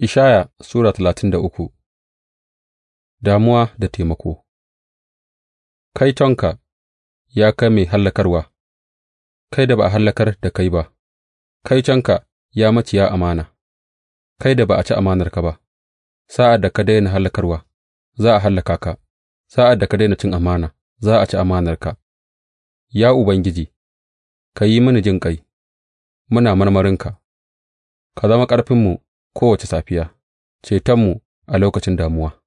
Ishaya Sura talatin da uku Damuwa da taimako Kaitonka, ya kai mai hallakarwa, kai da ba a hallakar da kai ba, kaitonka, ya maciya amana, kai da ba a ci amanarka ba, sa'ad da ka daina hallakarwa, za a hallaka ka, sa'ad da ka daina cin amana, za a ci amanar ka. Ya Ubangiji, ka yi mini jinƙai, muna marmarinka, ka zama ƙarfinmu kowace safiya, cetonmu a lokacin damuwa.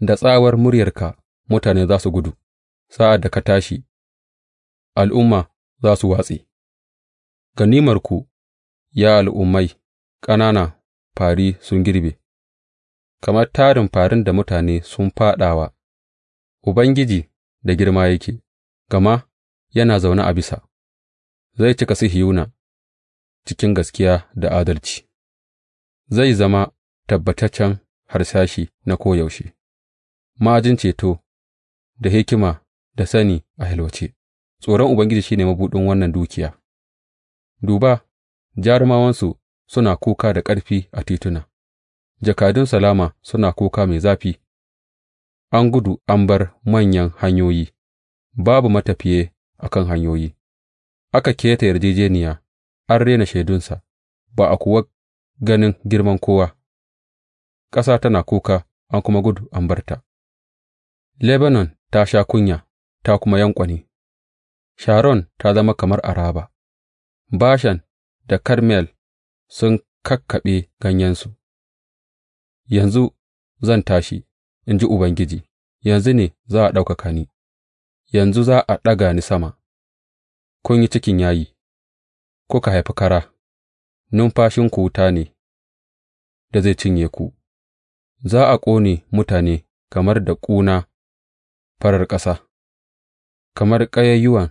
Da tsawar muryarka mutane za su gudu, sa'ad da ka tashi, al'umma za su watse, ganimarku, ya al'ummai, ƙanana fari sun girbe, kamar tarin farin da mutane sun faɗawa. Ubangiji da girma yake, gama yana zaune a bisa, zai cika Sihiyona cikin gaskiya da adalci. zai zama tabbataccen harsashi na koyaushe, ma'ajin ceto da hikima da sani a yalwace, tsoron Ubangiji shi ne mabuɗin wannan dukiya. Duba, jarumawansu suna kuka da ƙarfi a tituna, jakadun salama suna kuka mai zafi, an gudu an bar manyan hanyoyi, babu matafiye a kan hanyoyi, aka keta yarjejeniya, an rena shaidunsa, ba a kuwa ganin girman kowa; ƙasa tana kuka an kuma gudu an bar ta, Lebanon ta sha kunya ta kuma yanƙwane, Sharon ta zama kamar Araba, Bashan da Karmel sun kakkaɓe ganyensu, Yanzu zan tashi, in ji Ubangiji, yanzu ne za a ɗaukaka ni, yanzu za a ɗaga ni sama; kun yi cikin yayi kuka haifi kara. numfashinku wuta ne da zai cinye ku, za a ƙone mutane kamar da ƙuna farar ƙasa, kamar ƙayayyuwan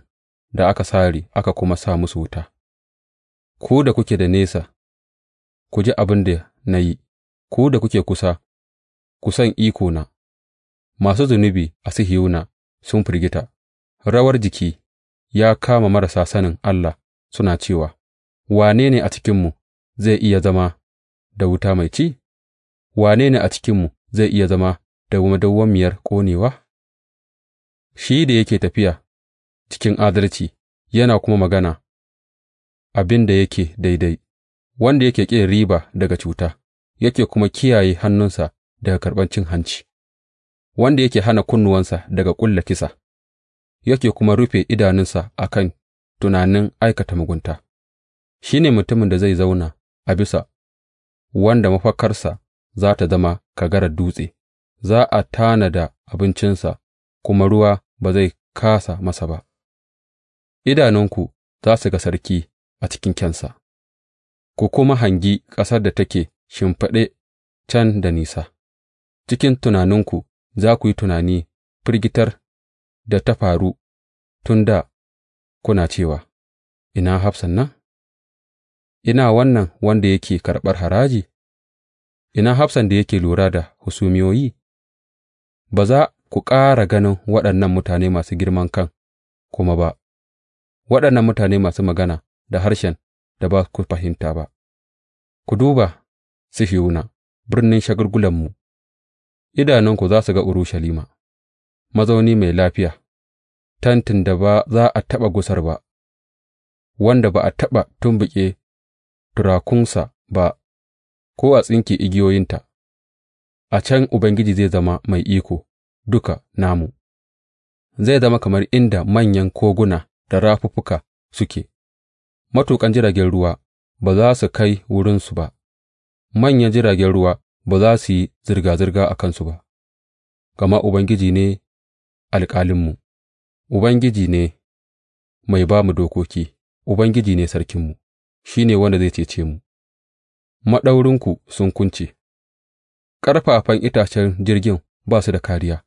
da aka sare aka kuma sa musu wuta, ku da kuke da nesa, ku ji abin da na yi, ku da kuke kusa, ku san ikona, masu zunubi a Sihiyona sun firgita, rawar jiki ya kama marasa sanin Allah suna cewa. Wane ne a cikinmu zai iya zama da wuta mai ci? Wane ne a cikinmu zai iya zama da madawwamiyar ƙonewa, shi da yake tafiya cikin adalci yana kuma magana abin da yake daidai, wanda yake ƙin riba daga cuta yake kuma kiyaye hannunsa daga karɓan cin hanci, wanda yake hana kunnuwansa daga ƙulla kisa yake kuma rufe idanunsa a kan tunanin aikata mugunta. shi ne mutumin da zai zauna a bisa, wanda mafakarsa za tă zama kagarar dutse, za a tana da abincinsa, kuma ruwa ba zai kasa masa ba, idanunku za su ga sarki a cikin kyansa, ku kuma hangi ƙasar da take shimfiɗe can da nisa, cikin tunaninku za ku yi tunani firgitar da ta faru tun da kuna cewa, Ina hafsan nan? Ina wannan wanda yake karɓar haraji, ina hafsan da yake lura da husumiyoyi? ba za ku ƙara ganin waɗannan mutane masu girman kan kuma ba, waɗannan mutane masu magana da harshen da ba ku fahimta ba, ku duba Sihiyuna, birnin shagulgulanmu, idanunku za su ga Urushalima, mazauni mai lafiya, Tantin da ba za a taɓa gusar ba, wanda ba a taɓa tumbuke. turakunsa ba ko a tsinke igiyoyinta, a can Ubangiji zai zama mai iko duka namu, zai zama kamar inda manyan koguna da rafuffuka suke, matuƙan jiragen ruwa ba za su kai wurinsu ba, manyan jiragen ruwa ba za su yi zirga-zirga a kansu ba, gama Ubangiji ne alƙalinmu, Ubangiji ne mai ba mu dokoki, Ubangiji ne sarkinmu. shi ne wanda zai cece mu, maɗaurinku sun kunce, ƙarfafan itacen jirgin ba su da kariya.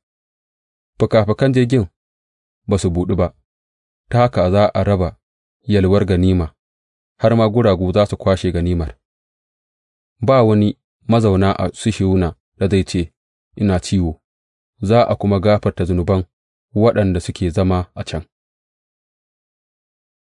fikafikan jirgin ba su buɗu ba, ta haka za a raba yalwar ganima, har ma guragu za su kwashe ganimar, ba wani mazauna a sushiuna da zai ce, Ina ciwo, za a kuma gafarta zunuban waɗanda suke zama a can.